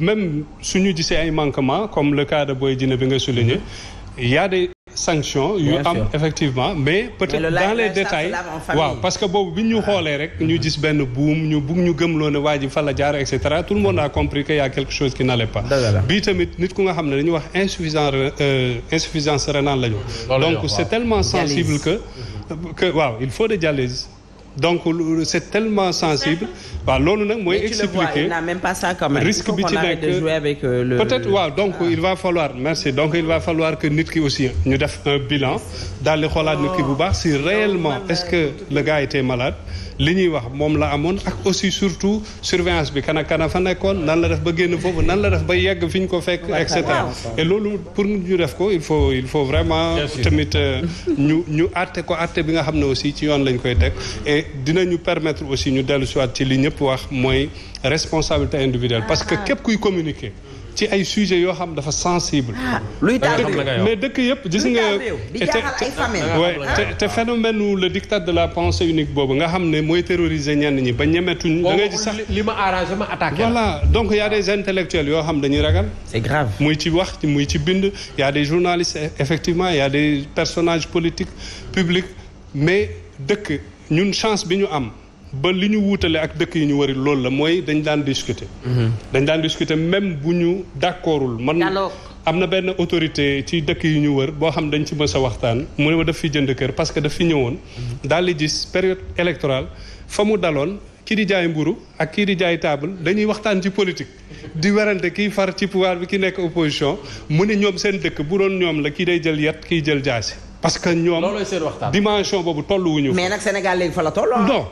même suñu gisee ay manquements comme le cas de Boy bi nga souligné il y a yu am effectivement mais peut-être dans les détails waaw parce que boobu bi ñu xoolee rek ñu gis benn buum ñu bugg ñu gëmloo ne waa ji fa la jaar et cetera tout le monde a compris que y quelque chose qui n'allait pas bii tamit nit ku nga xam ne dañuy wax insuffisance euh, insuffisance rénale la ñu donc c'est tellement sensible que waaw il faut des dialyses donc c'est tellement sensible waaw mm-hmm. loolu nag mooy expliquer risque bi ci nekk euh, peut-être waaw donc ah. il va falloir merci donc il va falloir que nit ki aussi ñu def un bilan daal di xoolaat nit ki bu baax si réellement oh, est-ce que le gars était malade li ñuy wax moom la amoon ak aussi surtout surveillance bi kana kana fa nekkoon nan la def ba génn foofu nan la def ba yegg fi ñu ko fekk et cetera loolu pour ñu def ko il faut il vraiment tamit euh, ñu ñu àtte ko àtte bi nga xam ne aussi ci yoon lañ koy teg et dinañu permettre aussi ñu dellu siwaat ci li ñëpp wax mooy responsabilité individuelle parce que ah. képp kuy communiqué ci ay sujets yoo xam dafa sensible ah, luy taal mais dëkk yëpp gis nga te te ah, phénomène wu le diktat de la pensée unique boobu nga xam ne mooy terroriser ñenn ñi ba ñemetuñ da ngay gis sax li ma arrangé ma attaqué voilà donc y a des intellectuels yoo xam dañuy ragal c'est grave muy ci wax muy ci bind y des journalistes effectivement y des personnages politiques publics mais ñun chance bi ñu am ba li ñu wuutale ak dëkk yi ñu wari loolu la mooy dañ daan discuter. Mhm. dañ daan discuter même bu ñu d'accordul man am na benn autorité ci dëkk yi ñu wër boo xam dañ ci mës a waxtaan mu ne ma daf fi jënd kër parce que daf fi ñëwoon mhm. daal di gis période électorale fa mu daloon kii di jaay mburu ak kii di jaay table dañuy waxtaan ci politique di werante kii far ci pouvoir bi ki nekk opposition mu ne ñoom seen dëkk bu doon ñoom la kii day jël yat kii jël jaasi parce que ñoom dimension boobu tolluwuñu. mais nag Sénégal léegi fa la toll. Ah. non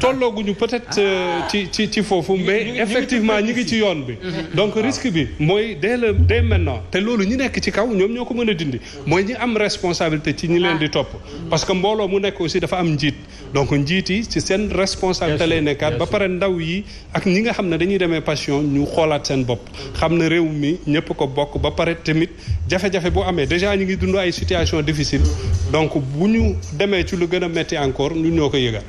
tollooguñu peut-être euh, ci ci ci foofu mais effectivement ñi ngi ci yoon bi mhm. mm-hmm. donc risque bi mooy dès le dès maintenant te loolu ñi nekk ci kaw ñoom ñoo ko mën a dindi mooy ñi am responsabilité ci ñi leen di topp mm-hmm. parce que mbooloo mu nekk aussi dafa am njiit donc njiit yi ci seen responsabilité lay nekkaat ba pare ndaw yi ak ñi nga xam ne dañuy demee passion ñu xoolaat seen bopp xam ne réew mi ñëpp ko bokk ba pare tamit jafe-jafe bu amee déjà ñu ngi dund ay situation difficile donc bu ñu demee ci lu gën a métti encore ñoo ko yëgal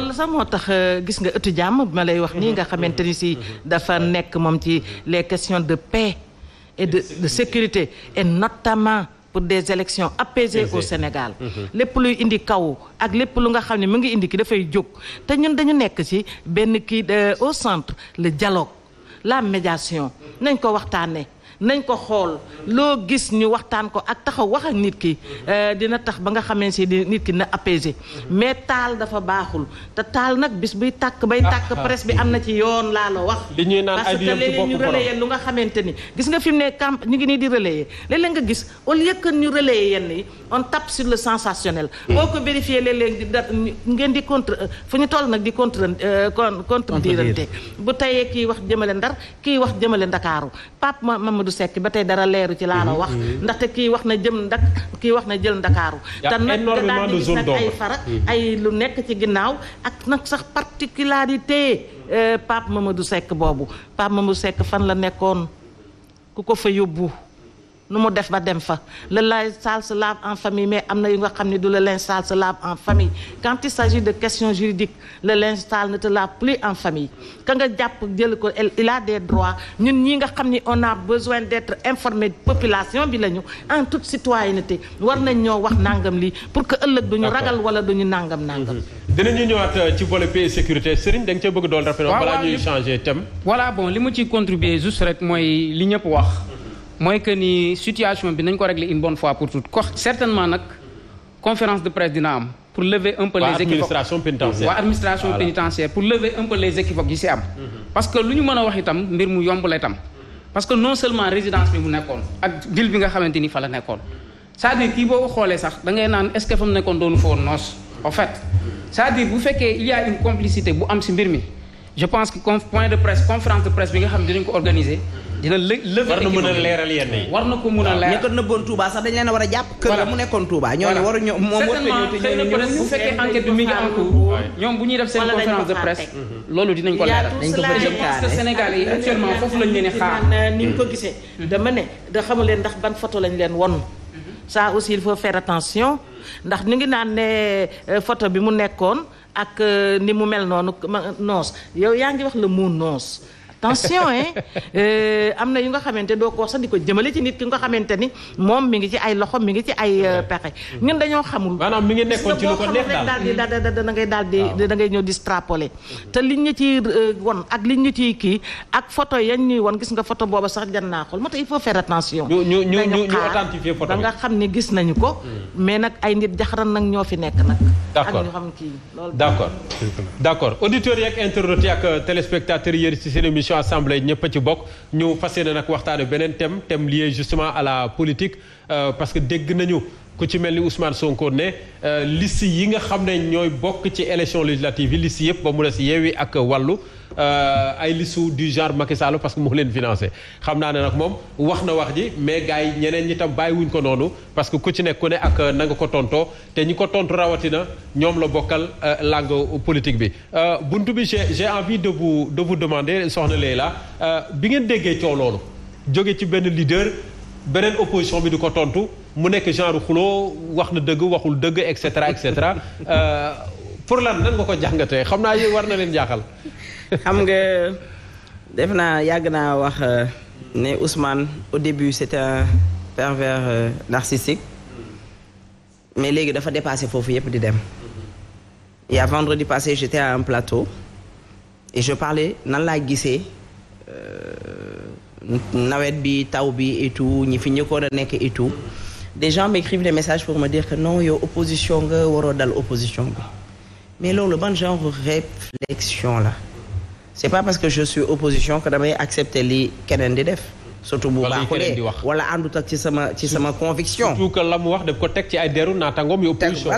loolu sax moo tax euh, gis nga ëttu jàmm ma lay wax nii nga xamante ni si dafa nekk moom ci les questions de paix et de de sécurité et notamment pour des élections apaisées au Sénégal mm-hmm. lépp luy indi kaw ak lépp lu nga xam ne mu ngi indi ki dafay jóg te ñun dañu nekk ci benn kii euh, au centre le dialogue la médiation nañ ko waxtaanee. nañ ko xool loo gis ñu waxtaan ko ak taxaw wax ak nit ki euh, dina tax ba nga xamee si nit ki na apaisé mais taal dafa baaxul te taal nag bis buy tàkk bay tàkk ah, ah. presse bi am na ci yoon laa la wax parce que léeg-léeg ñu relayer lu nga xamante ni gis nga fi mu ne camp ñu ngi nii di relayer léeg-léeg nga gis au lieu ñu relayer yenn yi on tape su le sensationnel hmm. boo ko vérifier léeg-léeg ngeen di contre fu ñu toll nag di contre euh, contre dirante bu tayee kiy wax jëmale ndar kii wax jëmale ndakaaru Doudou Seck ba tey dara leeru ci laa la mhm. wax mhm. ndaxte kii wax na jëm ndak kii wax na jël ndakaaru te nag nga daan gis nag ay fara mhm. ay lu nekk ci ginnaaw ak nag sax particularité ma du sekk boobu ma mu Seck fan la nekkoon ku ko fa yóbbu nu mu def ba dem fa la linge sale se lave en famille mais am na yu nga xam ne du le linge sale se lave en famille quand il de question juridiques le linge sale ne te lave plus en famille ka nga jàpp jël ko il a des droits ñun ñi nga xam ni on a besoin d'être informé population bi lañu en toute citoyenneté war nañ ñoo wax nangam lii pour que ëllëg ñu ragal wala duñu nangam nangam mhm. dinañu ñëwaat euh, ci volet paix sécurité Serigne da nga cee bëgg doon rafetlu balaa ñuy li mu ci contribuer juste rek mooy li ñëpp wax mooy que ni situation bi nañ ko régler une bonne fois pour toutes ko certainement nag conférence de presse dina am pour lever un peu les équivoques administration pénitentiaire waa administration pénitentiaire pour yi si am mhm. parce que lu ñu mën a wax itam mbir mu yomb la itam parce que non seulement résidence bi mu nekkoon ak ville bi nga xamante ni fa la nekkoon c'est-à-dire kii boo xoolee sax da ngay naan est-ce que fa mu nekkoon doonu fa noos en fait c'est-à-dire bu fekkee il y a une complicité bu am si mbir mi je pense que point de presse conférence de presse bi nga xam ne dinañ dina lë war na mën a leeral yenn yi war na ko mën a leeral ña ko nëbboon Touba sax dañ leen a war a jàpp kër la mu nekkoon Touba ñooñu waru ñoo moom war bu fekkee enquête bi mi ngi en cours ñoom bu ñuy def seen conférence de presse loolu dinañ ko leeral dañ ko je pense que Sénégal yi actuellement foofu lañ leen di xaar ni ñu ko gisee hmm. dama ne da xamu leen ndax ban photo lañ leen won hmm. ça aussi il faut faire attention ndax ñu ngi naan ne euh, photo bi mu nekkoon ak euh, ni mu mel noonu noos yow yaa ngi wax le mot noos tension hein euh, am na yu nga xamante doo ko wax sax di ko jëmale ci nit ki nga xamante ni moom mi ngi ci ay loxo mi ngi ci ay euh, pexe ñun dañoo xamul maanaam mi ngi nekkoon ci lu ngay daal di da ngay ñëw di strapoler mm-hmm. te liñ ñu ci euh, won ak liñ ñu ci kii ak photo yañ ñuy won gis nga foto booba sax jan naa xool moo tax il faut faire attention ñu authentifier photo nga xam ni gis nañu ko mm-hmm. mais nag ay nit jaxaran nag ñoo fi nekk nag ak ñu xam loolu d'accord d'accord auditeurs yi ak internautes yi ak téléspectateurs yi ci seen émission élection assemblée ñëpp a ci bokk ñu fas yéene nag waxtaane beneen thème thème lié justement à la politique euh, parce que dégg nañu ku ci mel ni Ousmane Sonko ne euh, liste yi nga xam ne ñooy bokk ci élection législative yi liste yëpp ba mu des Yewwi ak Wallu Euh, ay listu du genre Macky Sall parce que moo leen financé xam naa ne nag moom wax na wax ji mais gars yi ñeneen ñi tam wuñ ko noonu parce que ku ci nekk ne ak euh, na nga ko tontoo te ñi ko tontu rawatina ñoom la bokkal euh, langue politique bi. buntu bi j'ai j'ai envie de vous de vous demander soxna Leila bi ngeen déggee coow loolu jóge ci benn leader beneen opposition bi di ko tontu mu nekk genre xuloo wax na dëgg waxul dëgg et cetera et cetera. pour lan nan nga ko jàngatee xam naa yéen war na leen jaaxal. xam nga def naa yàgg naa wax euh, ne Ousmane au début c' était un pervers euh, mais léegi dafa dépassé foofu yëpp di dem. il y a vendredi passé j' étais à un plateau et je parlais nan laa gisee. Euh, nawet bi taw bi et tout ñi fi ñëkkoon a nekk et de des gens m'écrivent message messages pour me dire que non yow opposition nga waroo dal opposition bi mais loolu ban genre réflexion la c'est pas parce que je suis opposition que damay accepter li keneen di def. surtout bu baaxulee wala àndut ak ci sama ci sama conviction. surtout la mu wax daf ko teg ci ay deru naataangoom yu opposition.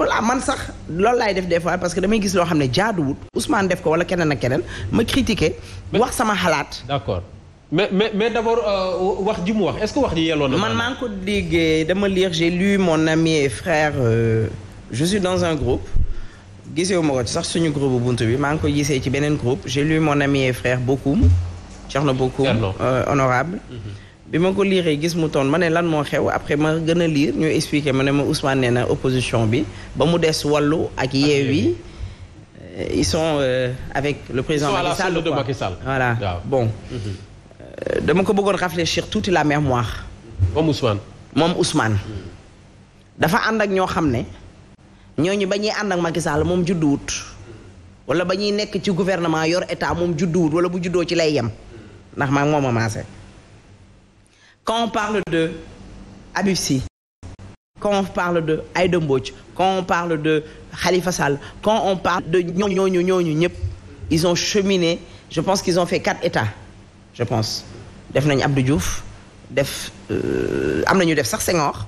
voilà man sax lool laay def des fois parce que damay gis loo xam ne jaaduwut Ousmane def ko wala keneen ak keneen ma critiquer wax sama xalaat. d'accord mais mais mais d'abord euh, wax ji mu wax est-ce wax ji na. man maa ngi ko déggee dama lire j'ai lu mon ami et frère euh, je suis dans un groupe. gisewu ma ko sax suñu groupe bunt bi maa ngi ko gisee ci beneen groupe j'ai lu mon ami et frère Bokoum Thierno Bokoum euh, honorable mhm. bi ma ko liiree gis mu ton ma ne lan moo xew après ma gën a liir ñu expliqué ma ne ma Ousmane nee na opposition bi ba mu des wallu ak Yewwi euh, ils sont euh, avec le président Macky Sall voilà bon mhm. dama ko bëggoon réfléchir tuuti la mémoire moom Ousmane moom Ousmane mhm. dafa ànd ak ñoo xam ne ñooñu ba ñuy ànd ak Macky Sall moom judduwut wala ba ñuy nekk ci gouvernement yor état moom judduwut wala bu juddoo ci lay yem ndax maa moom a maase. quand on parle de Habib Sy quand on parle de Aïda Mbodj quand on parle de Khalifa Sall quand on parle de ñooñu ñooñu ñëpp ils ont cheminé je pense qu'ils ont fait quatre états je pense def nañ Abdou Diouf def euh, am nañu def sax Senghor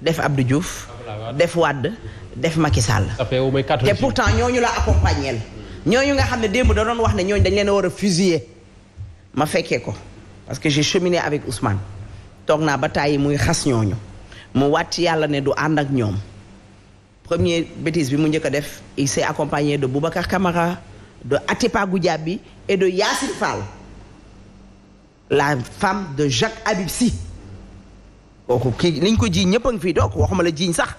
def Abdou Diouf def Wade def Macky Sall te pourtant ñooñu la accompagner la ñooñu nga xam ne démb da doon wax ne ñooñu dañ leen a war a fusiller ma fekkee ko parce que j'ai cheminé avec Ousmane toog naa ba tàyyi muy xas ñooñu mu wàcc yàlla ne du ànd ak ñoom première bêtise bi mu njëkk a def il s'est accompagné de Boubacar Camara de Atepa Goudiaby et de Yassine Fall la femme de Jacques Habib Sy kooku kii liñ ko jiiñ ñëpp a ngi fii doog waxuma la jiiñ sax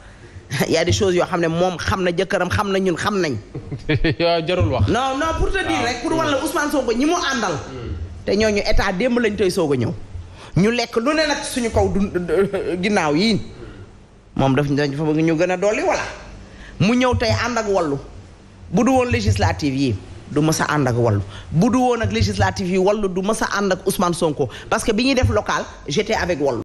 y a des yoo xam ne moom xam na jëkkëram xam na ñun xam nañ. yoo jarul wax. non non pour te dire ah. rek pour wala Ousmane Sonko ñi mu àndal. Hmm. te ñoo ñooñu état démb lañ tey soog a ñëw. ñu lekk lu ne nag suñu kaw du ginnaaw yii moom daf dafa bëgg ñu gën a dolli wala mu ñëw tey ànd ak wallu bu du woon législative yi du mës ànd ak wallu bu du woon ak législative yi wallu du mës a ànd ak Ousmane Sonko parce que bi ñuy def local j'étais avec wallu